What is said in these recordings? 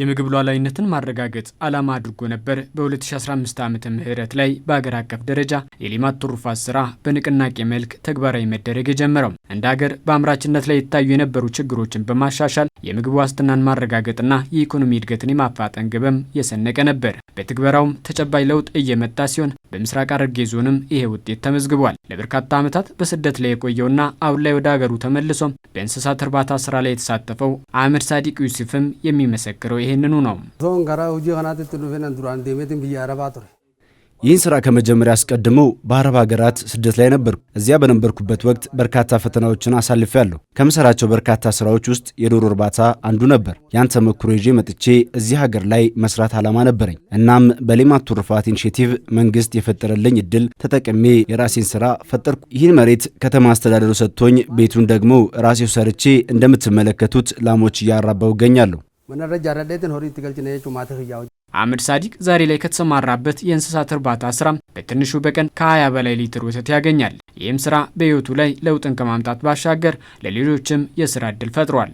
የምግብ ሉዓላዊነትን ማረጋገጥ ዓላማ አድርጎ ነበር በ2015 ዓመተ ምህረት ላይ በአገር አቀፍ ደረጃ የሌማት ትሩፋት ስራ በንቅናቄ መልክ ተግባራዊ መደረግ የጀመረው። እንደ አገር በአምራችነት ላይ የታዩ የነበሩ ችግሮችን በማሻሻል የምግብ ዋስትናን ማረጋገጥና የኢኮኖሚ እድገትን የማፋጠን ግብም የሰነቀ ነበር። በትግበራውም ተጨባጭ ለውጥ እየመጣ ሲሆን በምስራቅ ሐረርጌ ዞንም ይሄ ውጤት ተመዝግቧል። ለበርካታ ዓመታት በስደት ላይ የቆየውና አሁን ላይ ወደ አገሩ ተመልሶም በእንስሳት እርባታ ስራ ላይ የተሳተፈው አህመድ ሳዲቅ ዩሱፍም የሚመሰክረው ይህንኑ ነው። ይህን ስራ ከመጀመሪያ አስቀድመው በአረብ ሀገራት ስደት ላይ ነበርኩ። እዚያ በነበርኩበት ወቅት በርካታ ፈተናዎችን ያለሁ ከምሰራቸው በርካታ ስራዎች ውስጥ የዶሮ እርባታ አንዱ ነበር። ያን መኩሮ ይዤ መጥቼ እዚህ ሀገር ላይ መስራት ዓላማ ነበረኝ። እናም በሌማት ቱርፋት ኢኒሽቲቭ መንግስት የፈጠረልኝ እድል ተጠቅሜ የራሴን ስራ ፈጠርኩ። ይህን መሬት ከተማ አስተዳደሩ ሰጥቶኝ፣ ቤቱን ደግሞ ራሴው ሰርቼ እንደምትመለከቱት ላሞች እያራባው እገኛለሁ። መነረጃ ረዳትን ሆሪ ነች ጩማተ ህያዎች አህመድ ሳዲቅ ዛሬ ላይ ከተሰማራበት የእንስሳት እርባታ ስራ በትንሹ በቀን ከ20 በላይ ሊትር ወተት ያገኛል። ይህም ስራ በህይወቱ ላይ ለውጥን ከማምጣት ባሻገር ለሌሎችም የስራ እድል ፈጥሯል።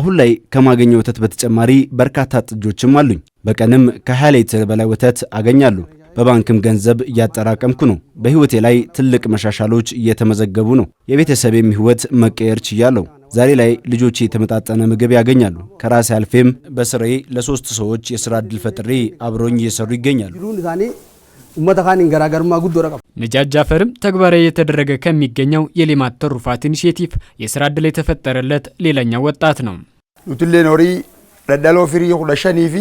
አሁን ላይ ከማገኘ ወተት በተጨማሪ በርካታ ጥጆችም አሉኝ። በቀንም ከ20 ሊትር በላይ ወተት አገኛሉ። በባንክም ገንዘብ እያጠራቀምኩ ነው። በሕይወቴ ላይ ትልቅ መሻሻሎች እየተመዘገቡ ነው። የቤተሰቤም ሕይወት መቀየር ችያለሁ። ዛሬ ላይ ልጆቼ የተመጣጠነ ምግብ ያገኛሉ። ከራሴ አልፌም በስሬ ለሶስት ሰዎች የስራ እድል ፈጥሬ አብሮኝ እየሰሩ ይገኛሉ። ነጃጅ ጃፈርም ተግባራዊ የተደረገ ከሚገኘው የሌማት ትሩፋት ኢኒሼቲቭ የስራ እድል የተፈጠረለት ሌላኛው ወጣት ነው። ኖሪ ደዳሎ ፍሪ ሁለሸኒ ፊ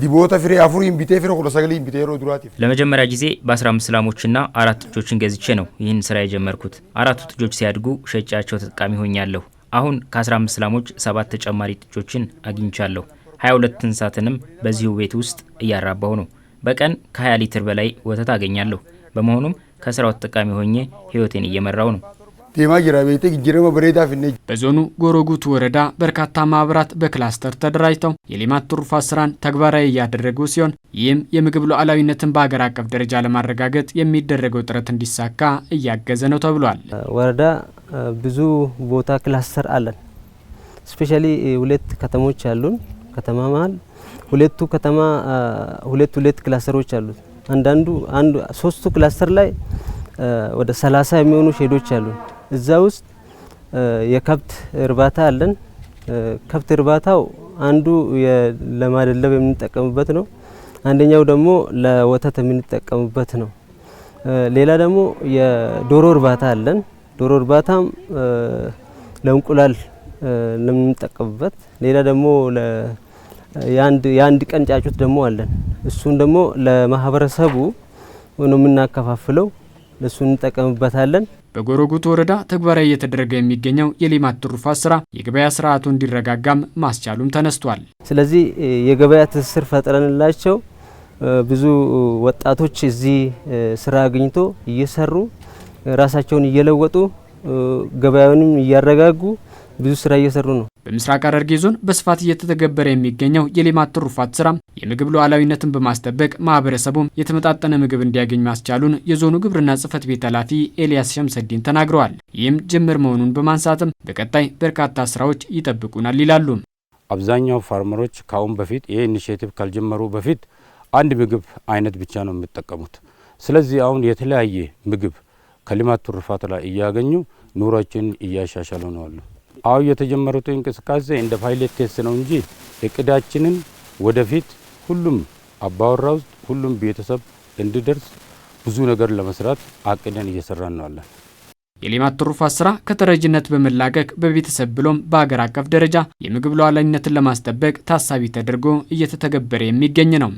ዲቦታ ፍሬ አፉሪ ኢምቢቴ ፍሬ ሁለ ሰገሊ ኢምቢቴ ሮ ድራቲ ለመጀመሪያ ጊዜ በ15 ላሞችና አራት ጥጆችን ገዝቼ ነው ይህን ስራ የጀመርኩት። አራቱ ጥጆች ሲያድጉ ሸጫቸው ተጠቃሚ ሆኛለሁ። አሁን ከ15 ላሞች ሰባት ተጨማሪ ጥጆችን አግኝቻለሁ። 22 እንስሳትንም በዚሁ ቤት ውስጥ እያራባሁ ነው። በቀን ከ20 ሊትር በላይ ወተት አገኛለሁ። በመሆኑም ከስራው ተጠቃሚ ሆኜ ህይወቴን እየመራው ነው። ቴማ ጅራ ቤተ ጅረመ በሬዳ ፍኔ በዞኑ ጎሮጉቱ ወረዳ በርካታ ማህበራት በክላስተር ተደራጅተው የሌማት ትሩፋት ስራን ተግባራዊ እያደረጉ ሲሆን ይህም የምግብ ሉዓላዊነትን በሀገር አቀፍ ደረጃ ለማረጋገጥ የሚደረገው ጥረት እንዲሳካ እያገዘ ነው ተብሏል። ወረዳ ብዙ ቦታ ክላስተር አለን። ስፔሻሊ ሁለት ከተሞች አሉን። ከተማ መሀል ሁለቱ ከተማ ሁለት ሁለት ክላስተሮች አሉት። አንዳንዱ አንዱ ሶስቱ ክላስተር ላይ ወደ ሰላሳ የሚሆኑ ሼዶች አሉ። እዛ ውስጥ የከብት እርባታ አለን። ከብት እርባታው አንዱ ለማደለብ የምንጠቀምበት ነው። አንደኛው ደግሞ ለወተት የምንጠቀምበት ነው። ሌላ ደግሞ የዶሮ እርባታ አለን። ዶሮ እርባታም ለእንቁላል ለምንጠቀምበት፣ ሌላ ደግሞ የአንድ ቀን ጫጩት ደግሞ አለን። እሱን ደግሞ ለማህበረሰቡ ነው የምናከፋፍለው። እሱን እንጠቀምበታለን። በጎረጉት ወረዳ ተግባራዊ እየተደረገ የሚገኘው የሌማት ትሩፋት ስራ የገበያ ስርዓቱ እንዲረጋጋም ማስቻሉም ተነስቷል። ስለዚህ የገበያ ትስስር ፈጥረንላቸው ብዙ ወጣቶች እዚህ ስራ አግኝቶ እየሰሩ ራሳቸውን እየለወጡ ገበያውንም እያረጋጉ ብዙ ስራ እየሰሩ ነው። በምስራቅ ሐረርጌ ዞን በስፋት እየተተገበረ የሚገኘው የሌማት ትሩፋት ስራ የምግብ ሉዓላዊነትን በማስጠበቅ ማህበረሰቡም የተመጣጠነ ምግብ እንዲያገኝ ማስቻሉን የዞኑ ግብርና ጽሕፈት ቤት ኃላፊ ኤልያስ ሸምሰዲን ተናግረዋል። ይህም ጅምር መሆኑን በማንሳትም በቀጣይ በርካታ ስራዎች ይጠብቁናል ይላሉ። አብዛኛው ፋርመሮች ከአሁን በፊት ይህ ኢኒሽቲቭ ካልጀመሩ በፊት አንድ ምግብ አይነት ብቻ ነው የሚጠቀሙት። ስለዚህ አሁን የተለያየ ምግብ ከልማት ትሩፋት ላይ እያገኙ ኑሯችን እያሻሻሉ ነው አሉ። አሁን የተጀመሩት እንቅስቃሴ እንደ ፓይለት ቴስት ነው እንጂ እቅዳችንን ወደፊት ሁሉም አባወራ ውስጥ ሁሉም ቤተሰብ እንዲደርስ ብዙ ነገር ለመስራት አቅደን እየሰራን ነው አለን። የሌማት ትሩፋት ስራ ከተረጅነት በመላቀቅ በቤተሰብ ብሎም በሀገር አቀፍ ደረጃ የምግብ ሉዓላዊነትን ለማስጠበቅ ታሳቢ ተደርጎ እየተተገበረ የሚገኝ ነው።